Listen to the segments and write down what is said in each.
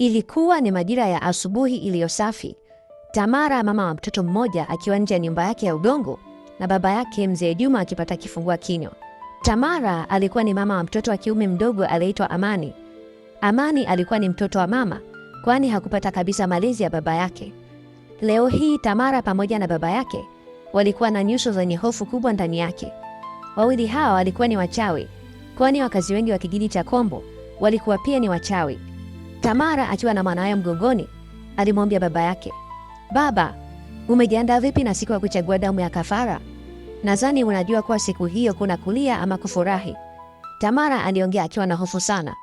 Ilikuwa ni majira ya asubuhi iliyosafi. Tamara, mama wa mtoto mmoja, akiwa nje ya nyumba yake ya udongo na baba yake mzee Juma akipata kifungua kinywa. Tamara alikuwa ni mama wa mtoto wa kiume mdogo aliyeitwa Amani. Amani alikuwa ni mtoto wa mama, kwani hakupata kabisa malezi ya baba yake. Leo hii Tamara pamoja na baba yake walikuwa na nyuso zenye hofu kubwa ndani yake. Wawili hawa walikuwa ni wachawi, kwani wakazi wengi wa kijiji cha Kombo walikuwa pia ni wachawi. Tamara akiwa na mwanawe mgongoni alimwambia baba yake, baba, umejiandaa vipi na siku ya kuchagua damu ya kafara? Nadhani unajua kuwa siku hiyo kuna kulia ama kufurahi. Tamara aliongea akiwa na hofu sana.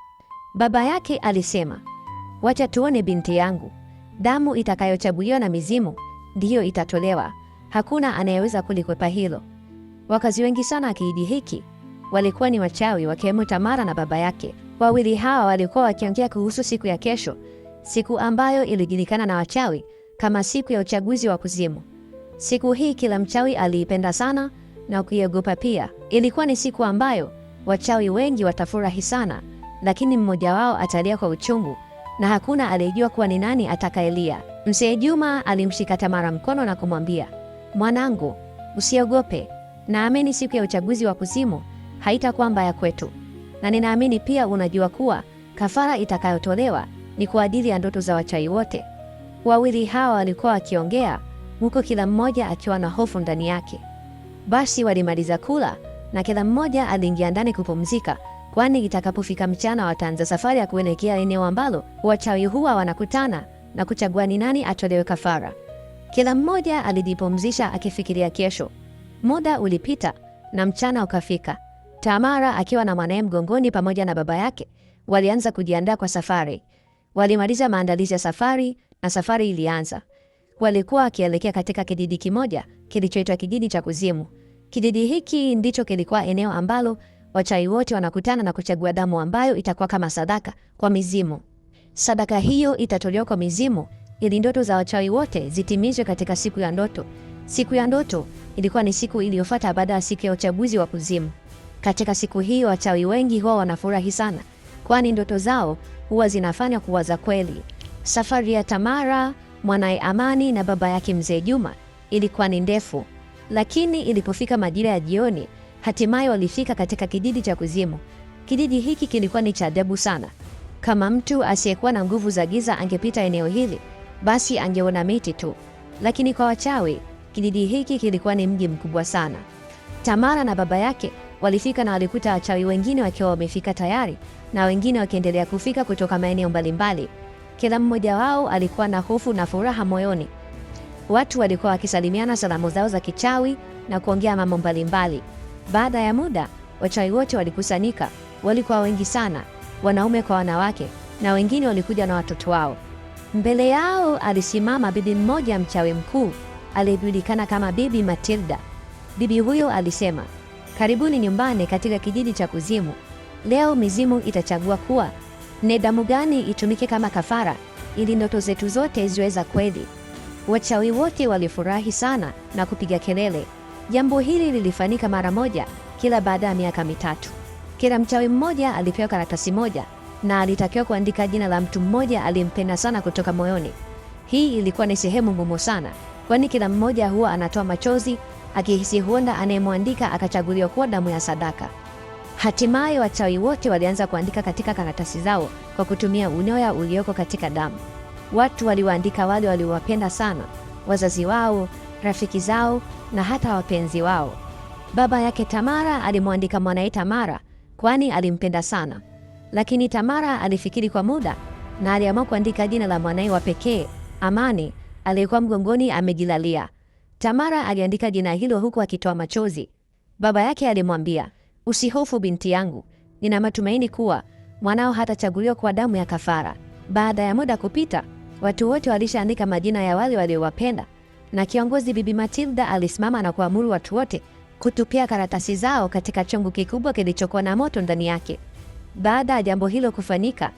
Baba yake alisema, wacha tuone binti yangu, damu itakayochabuliwa na mizimu ndiyo itatolewa, hakuna anayeweza kulikwepa hilo. Wakazi wengi sana kijiji hiki walikuwa ni wachawi, wakiwemo Tamara na baba yake. Wawili hawa walikuwa wakiongea kuhusu siku ya kesho, siku ambayo ilijulikana na wachawi kama siku ya uchaguzi wa kuzimu. Siku hii kila mchawi aliipenda sana na kuiogopa pia. Ilikuwa ni siku ambayo wachawi wengi watafurahi sana, lakini mmoja wao atalia kwa uchungu na hakuna aliyejua kuwa ni nani atakayelia. Mzee Juma alimshika Tamara mkono na kumwambia, mwanangu, usiogope, naamini siku ya uchaguzi wa kuzimu haitakuwa mbaya kwetu na ninaamini pia unajua kuwa kafara itakayotolewa ni kwa ajili ya ndoto za wachawi wote. Wawili hawa walikuwa wakiongea huko, kila mmoja akiwa na hofu ndani yake. Basi walimaliza kula na kila mmoja aliingia ndani kupumzika, kwani itakapofika mchana wataanza safari ya kuelekea eneo ambalo wachawi huwa wanakutana na kuchagua ni nani atolewe kafara. Kila mmoja alijipumzisha akifikiria kesho. Muda ulipita na mchana ukafika. Tamara akiwa na mwanaye mgongoni pamoja na baba yake walianza kujiandaa kwa safari. Walimaliza maandalizi ya safari na safari ilianza. Walikuwa wakielekea katika kijiji kimoja kilichoitwa kijiji cha Kuzimu. Kijiji hiki ndicho kilikuwa eneo ambalo wachawi wote wanakutana na kuchagua damu ambayo itakuwa kama sadaka kwa mizimu. Sadaka hiyo itatolewa kwa mizimu ili ndoto za wachawi wote zitimizwe katika siku ya ndoto. Siku ya ndoto ilikuwa ni siku iliyofuata baada ya siku ya uchaguzi wa Kuzimu. Katika siku hii wachawi wengi huwa wanafurahi sana, kwani ndoto zao huwa zinafanya kuwa za kweli. Safari ya Tamara, mwanaye Amani na baba yake mzee Juma ilikuwa ni ndefu, lakini ilipofika majira ya jioni, hatimaye walifika katika kijiji cha kuzimu. Kijiji hiki kilikuwa ni cha adabu sana. Kama mtu asiyekuwa na nguvu za giza angepita eneo hili, basi angeona miti tu, lakini kwa wachawi kijiji hiki kilikuwa ni mji mkubwa sana. Tamara na baba yake Walifika na walikuta wachawi wengine wakiwa wamefika tayari na wengine wakiendelea kufika kutoka maeneo mbalimbali. Kila mmoja wao alikuwa na hofu na furaha moyoni. Watu walikuwa wakisalimiana salamu zao za kichawi na kuongea mambo mbalimbali. Baada ya muda, wachawi wote walikusanyika. Walikuwa wengi sana, wanaume kwa wanawake, na wengine walikuja na watoto wao. Mbele yao alisimama bibi mmoja mchawi mkuu aliyejulikana kama Bibi Matilda. Bibi huyo alisema Karibuni nyumbani katika kijiji cha kuzimu. Leo mizimu itachagua kuwa ni damu gani itumike kama kafara ili ndoto zetu zote ziweza kweli. Wachawi wote walifurahi sana na kupiga kelele. Jambo hili lilifanyika mara moja kila baada ya miaka mitatu. Kila mchawi mmoja alipewa karatasi moja na alitakiwa kuandika jina la mtu mmoja aliyempenda sana kutoka moyoni. Hii ilikuwa ni sehemu ngumu sana, kwani kila mmoja huwa anatoa machozi akihisi huenda anayemwandika akachaguliwa kuwa damu ya sadaka. Hatimaye wachawi wote walianza kuandika katika karatasi zao kwa kutumia unoya ulioko katika damu. Watu waliwaandika wale waliowapenda sana, wazazi wao, rafiki zao na hata wapenzi wao. Baba yake Tamara alimwandika mwanaye Tamara kwani alimpenda sana, lakini Tamara alifikiri kwa muda na aliamua kuandika jina la mwanaye wa pekee Amani aliyekuwa mgongoni amejilalia. Tamara aliandika jina hilo huku akitoa machozi. Baba yake alimwambia, usihofu binti yangu, nina matumaini kuwa mwanao hatachaguliwa kwa damu ya kafara. Baada ya muda kupita, watu wote walishaandika majina ya wale waliowapenda, na kiongozi Bibi Matilda alisimama na kuamuru watu wote kutupia karatasi zao katika chungu kikubwa kilichokuwa na moto ndani yake. Baada ya jambo hilo kufanyika,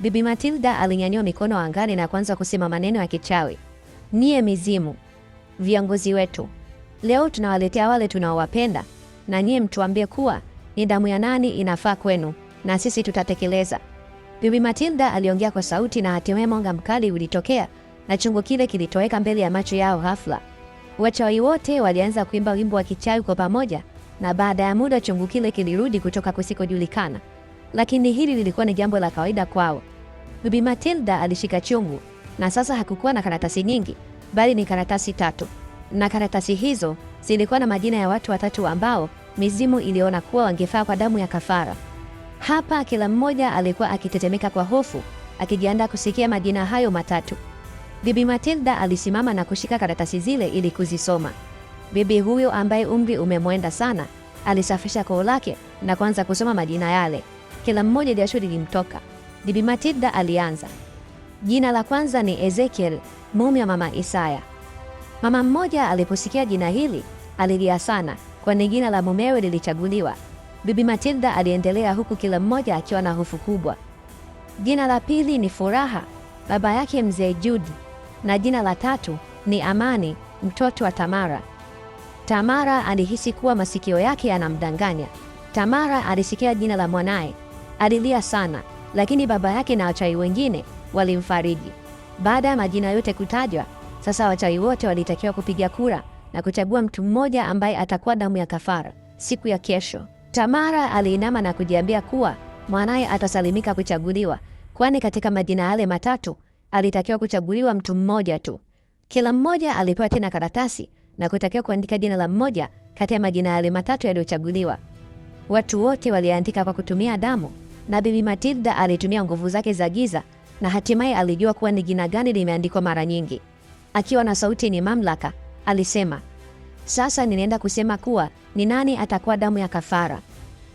Bibi Matilda alinyanyua mikono angani na kuanza kusema maneno ya kichawi: niye mizimu viongozi wetu. Leo tunawaletea wale tunaowapenda, na nyiye mtuambie kuwa ni damu ya nani inafaa kwenu, na sisi tutatekeleza. Bibi Matilda aliongea kwa sauti, na hatimaye mwanga mkali ulitokea na chungu kile kilitoweka mbele ya macho yao ghafla. Wachawi wote walianza kuimba wimbo wa kichawi kwa pamoja, na baada ya muda chungu kile kilirudi kutoka kusikojulikana, lakini hili lilikuwa ni jambo la kawaida kwao. Bibi Matilda alishika chungu na sasa hakukuwa na karatasi nyingi, bali ni karatasi tatu, na karatasi hizo zilikuwa na majina ya watu watatu ambao mizimu iliona kuwa wangefaa kwa damu ya kafara. Hapa kila mmoja alikuwa akitetemeka kwa hofu, akijiandaa kusikia majina hayo matatu. Bibi Matilda alisimama na kushika karatasi zile ili kuzisoma. Bibi huyo ambaye umri umemwenda sana alisafisha koo lake na kuanza kusoma majina yale. Kila mmoja jasho lilimtoka. Bibi Matilda alianza Jina la kwanza ni Ezekiel, mume wa mama Isaya. Mama mmoja aliposikia jina hili alilia sana, kwani jina la mumewe lilichaguliwa. Bibi Matilda aliendelea, huku kila mmoja akiwa na hofu kubwa. Jina la pili ni Furaha, baba yake mzee Jude, na jina la tatu ni Amani, mtoto wa Tamara. Tamara alihisi kuwa masikio yake yanamdanganya. Tamara alisikia jina la mwanaye, alilia sana, lakini baba yake na wachai wengine walimfariji. Baada ya majina yote kutajwa, sasa wachawi wote walitakiwa kupiga kura na kuchagua mtu mmoja ambaye atakuwa damu ya kafara siku ya kesho. Tamara aliinama na kujiambia kuwa mwanaye atasalimika kuchaguliwa, kwani katika majina yale matatu alitakiwa kuchaguliwa mtu mmoja tu. Kila mmoja alipewa tena karatasi na kutakiwa kuandika jina la mmoja kati ya majina yale matatu yaliyochaguliwa. Watu wote waliandika kwa kutumia damu, na Bibi Matilda alitumia nguvu zake za giza na hatimaye alijua kuwa ni jina gani limeandikwa mara nyingi. Akiwa na sauti yenye mamlaka, alisema, sasa ninaenda kusema kuwa ni nani atakuwa damu ya kafara.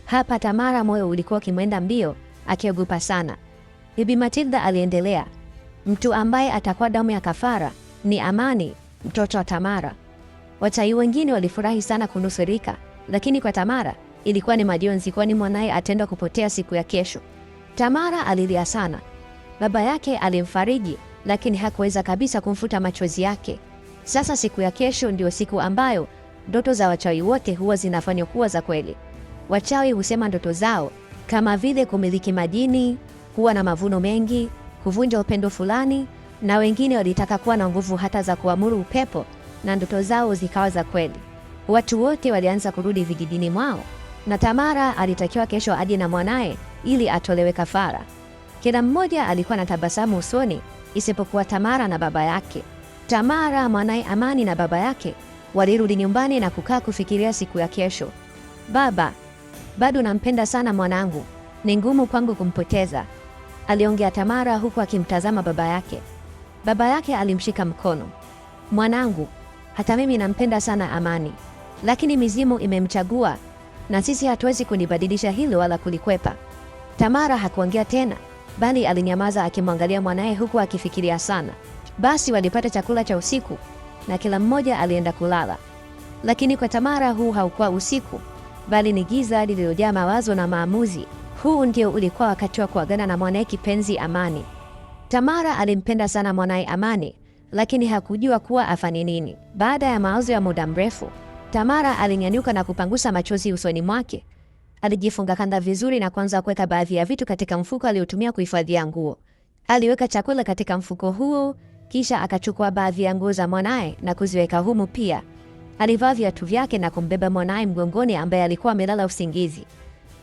Hapa Tamara moyo ulikuwa ukimwenda mbio, akiogopa sana. Bibi Matilda aliendelea, mtu ambaye atakuwa damu ya kafara ni Amani, mtoto wa Tamara. Watai wengine walifurahi sana kunusurika, lakini kwa Tamara ilikuwa ni majonzi, kwani mwanaye atendwa kupotea siku ya kesho. Tamara alilia sana, Baba yake alimfariji, lakini hakuweza kabisa kumfuta machozi yake. Sasa siku ya kesho ndio siku ambayo ndoto za wachawi wote huwa zinafanywa kuwa za kweli. Wachawi husema ndoto zao kama vile kumiliki majini, kuwa na mavuno mengi, kuvunja upendo fulani, na wengine walitaka kuwa na nguvu hata za kuamuru upepo, na ndoto zao zikawa za kweli. Watu wote walianza kurudi vijijini mwao, na Tamara alitakiwa kesho aje na mwanaye ili atolewe kafara. Kila mmoja alikuwa na tabasamu usoni isipokuwa Tamara na baba yake. Tamara, mwanaye Amani na baba yake walirudi nyumbani na kukaa kufikiria siku ya kesho. Baba, bado nampenda sana mwanangu, ni ngumu kwangu kumpoteza, aliongea Tamara huku akimtazama baba yake. Baba yake alimshika mkono. Mwanangu, hata mimi nampenda sana Amani, lakini mizimu imemchagua na sisi hatuwezi kunibadilisha hilo wala kulikwepa. Tamara hakuongea tena bali alinyamaza akimwangalia mwanaye huku akifikiria sana. Basi walipata chakula cha usiku na kila mmoja alienda kulala, lakini kwa Tamara huu haukuwa usiku, bali ni giza lililojaa mawazo na maamuzi. Huu ndio ulikuwa wakati wa kuagana na mwanaye kipenzi Amani. Tamara alimpenda sana mwanaye Amani, lakini hakujua kuwa afanye nini. Baada ya mawazo ya muda mrefu, Tamara alinyanyuka na kupangusa machozi usoni mwake. Alijifunga kanda vizuri na kuanza kuweka baadhi ya vitu katika mfuko aliotumia kuhifadhia nguo. Aliweka chakula katika mfuko huo, kisha akachukua baadhi ya nguo za mwanaye na kuziweka humu pia. Alivaa viatu vyake na kumbeba mwanaye mgongoni ambaye alikuwa amelala usingizi.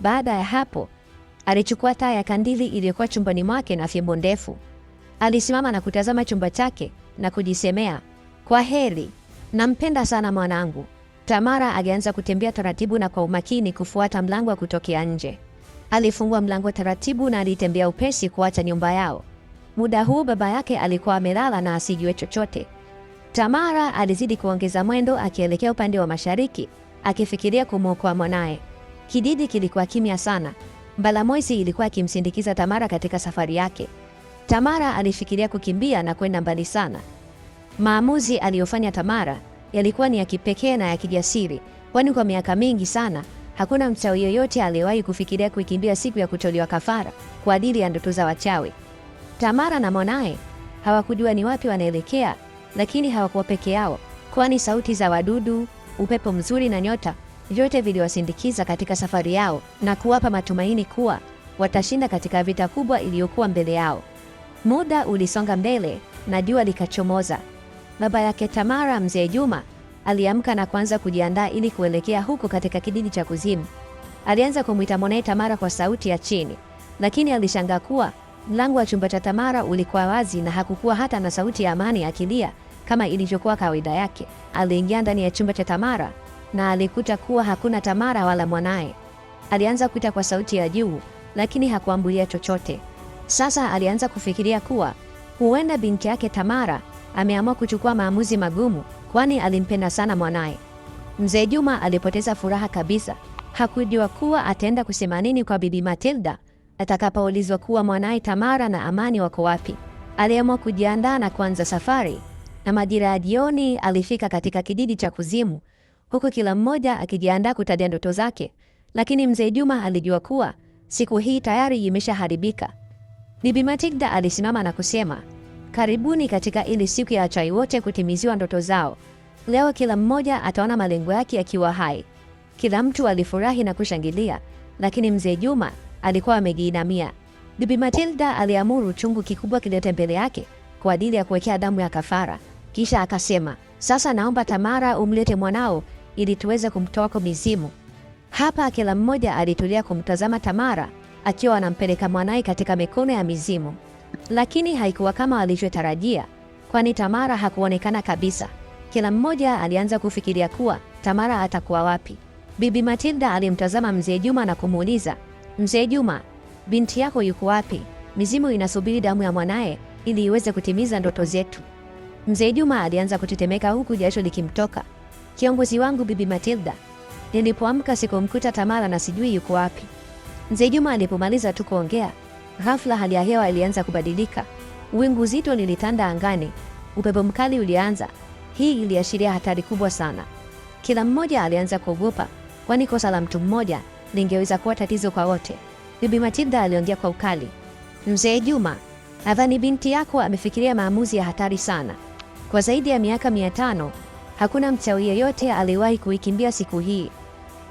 Baada ya hapo, alichukua taa ya kandili iliyokuwa chumbani mwake na fimbo ndefu. Alisimama na kutazama chumba chake na kujisemea, kwa heri, nampenda sana mwanangu. Tamara alianza kutembea taratibu na kwa umakini kufuata mlango wa kutokea nje. Alifungua mlango taratibu na alitembea upesi kuacha nyumba yao. Muda huu baba yake alikuwa amelala na asijue chochote. Tamara alizidi kuongeza mwendo akielekea upande wa mashariki, akifikiria kumwokoa mwanaye. Kijiji kilikuwa kimya sana. Mbalamoisi ilikuwa akimsindikiza Tamara katika safari yake. Tamara alifikiria kukimbia na kwenda mbali sana. Maamuzi aliyofanya Tamara yalikuwa ni ya kipekee na ya kijasiri, kwani kwa miaka mingi sana hakuna mchawi yoyote aliyewahi kufikiria kuikimbia siku ya kutoliwa kafara kwa ajili ya ndoto za wachawi. Tamara na mwanaye hawakujua ni wapi wanaelekea, lakini hawakuwa peke yao, kwani sauti za wadudu, upepo mzuri na nyota vyote viliwasindikiza katika safari yao na kuwapa matumaini kuwa watashinda katika vita kubwa iliyokuwa mbele yao. Muda ulisonga mbele na jua likachomoza. Baba yake Tamara, mzee Juma, aliamka na kuanza kujiandaa ili kuelekea huko katika kijiji cha kuzimu. Alianza kumwita mwanaye Tamara kwa sauti ya chini, lakini alishangaa kuwa mlango wa chumba cha Tamara ulikuwa wazi na hakukuwa hata na sauti ya Amani akilia kama ilivyokuwa kawaida yake. Aliingia ndani ya chumba cha Tamara na alikuta kuwa hakuna Tamara wala mwanaye. Alianza kuita kwa sauti ya juu, lakini hakuambulia chochote. Sasa alianza kufikiria kuwa huenda binti yake Tamara ameamua kuchukua maamuzi magumu, kwani alimpenda sana mwanaye. Mzee Juma alipoteza furaha kabisa. Hakujua kuwa ataenda kusema nini kwa Bibi Matilda atakapoulizwa kuwa mwanaye Tamara na Amani wako wapi. Aliamua kujiandaa na kuanza safari, na majira ya jioni alifika katika kijiji cha Kuzimu, huku kila mmoja akijiandaa kutadia ndoto zake, lakini Mzee Juma alijua kuwa siku hii tayari imeshaharibika. Bibi Matilda alisimama na kusema Karibuni katika ili siku ya chai wote kutimiziwa ndoto zao. Leo kila mmoja ataona malengo yake akiwa hai. Kila mtu alifurahi na kushangilia, lakini mzee Juma alikuwa amejiinamia. Bibi Matilda aliamuru chungu kikubwa kilete mbele yake kwa ajili ya kuwekea damu ya kafara, kisha akasema, sasa naomba Tamara umlete mwanao ili tuweze kumtoa kwa mizimu. Hapa kila mmoja alitulia kumtazama Tamara akiwa anampeleka mwanaye katika mikono ya mizimu. Lakini haikuwa kama alivyotarajia, kwani Tamara hakuonekana kabisa. Kila mmoja alianza kufikiria kuwa Tamara atakuwa wapi. Bibi Matilda alimtazama mzee Juma na kumuuliza, Mzee Juma, binti yako yuko wapi? Mizimu inasubiri damu ya mwanaye ili iweze kutimiza ndoto zetu. Mzee Juma alianza kutetemeka huku jasho likimtoka. Kiongozi wangu Bibi Matilda, nilipoamka sikumkuta Tamara na sijui yuko wapi. Mzee Juma alipomaliza tu kuongea Ghafla hali ya hewa ilianza kubadilika. Wingu zito lilitanda angani, upepo mkali ulianza. Hii iliashiria hatari kubwa sana. Kila mmoja alianza kuogopa, kwani kosa la mtu mmoja lingeweza kuwa tatizo kwa wote. Bibi Matilda aliongea kwa ukali, Mzee Juma, nadhani binti yako amefikiria maamuzi ya hatari sana. Kwa zaidi ya miaka mia tano hakuna mchawi yeyote aliwahi kuikimbia siku hii.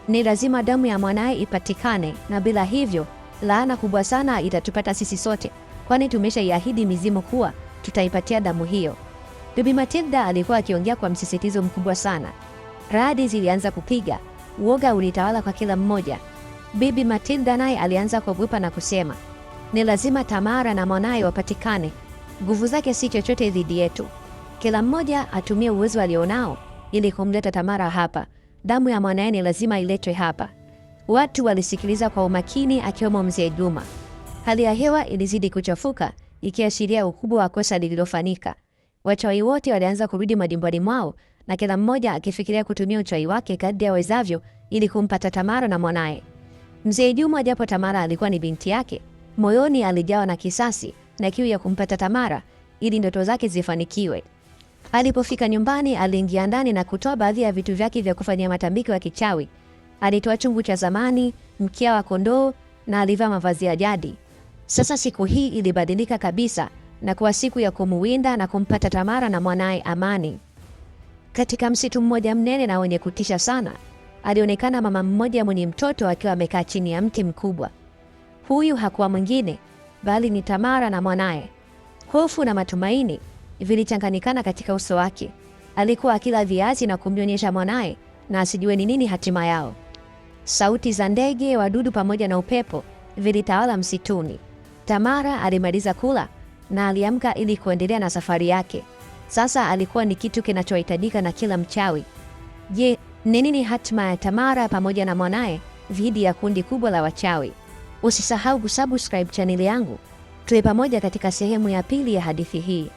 Ni lazima damu ya mwanaye ipatikane, na bila hivyo laana kubwa sana itatupata sisi sote, kwani tumeshaiahidi mizimu kuwa tutaipatia damu hiyo. Bibi Matilda alikuwa akiongea kwa msisitizo mkubwa sana. Radi zilianza kupiga, uoga ulitawala kwa kila mmoja. Bibi Matilda naye alianza kuogopa na kusema, ni lazima Tamara na mwanaye wapatikane. Nguvu zake si chochote dhidi yetu. Kila mmoja atumie uwezo alionao ili kumleta Tamara hapa. Damu ya mwanaye ni lazima iletwe hapa. Watu walisikiliza kwa umakini, akiwemo mzee Juma. Hali ya hewa ilizidi kuchafuka, ikiashiria ukubwa wa kosa lililofanyika. Wachawi wote walianza kurudi majumbani mwao na kila mmoja akifikiria kutumia uchawi wake kadri awezavyo ili kumpata Tamara na mwanaye. Mzee Juma, japo Tamara alikuwa ni binti yake, moyoni alijawa na kisasi na kiu ya kumpata Tamara ili ndoto zake zifanikiwe. Alipofika nyumbani, aliingia ndani na kutoa baadhi ya vitu vyake vya kufanyia matambiko ya kichawi alitoa chungu cha zamani, mkia wa kondoo na alivaa mavazi ya jadi. Sasa siku hii ilibadilika kabisa na kuwa siku ya kumuwinda na kumpata Tamara na mwanaye Amani. Katika msitu mmoja mnene na wenye kutisha sana, alionekana mama mmoja mwenye mtoto akiwa amekaa chini ya mti mkubwa. Huyu hakuwa mwingine bali ni Tamara na mwanaye. Hofu na matumaini vilichanganyikana katika uso wake. Alikuwa akila viazi na kumnyonyesha mwanaye na asijue ni nini hatima yao sauti za ndege, wadudu pamoja na upepo vilitawala msituni. Tamara alimaliza kula na aliamka ili kuendelea na safari yake. Sasa alikuwa ni kitu kinachohitajika na kila mchawi. Je, ni nini hatima ya Tamara pamoja na mwanaye dhidi ya kundi kubwa la wachawi? Usisahau kusubscribe chaneli yangu, tuwe pamoja katika sehemu ya pili ya hadithi hii.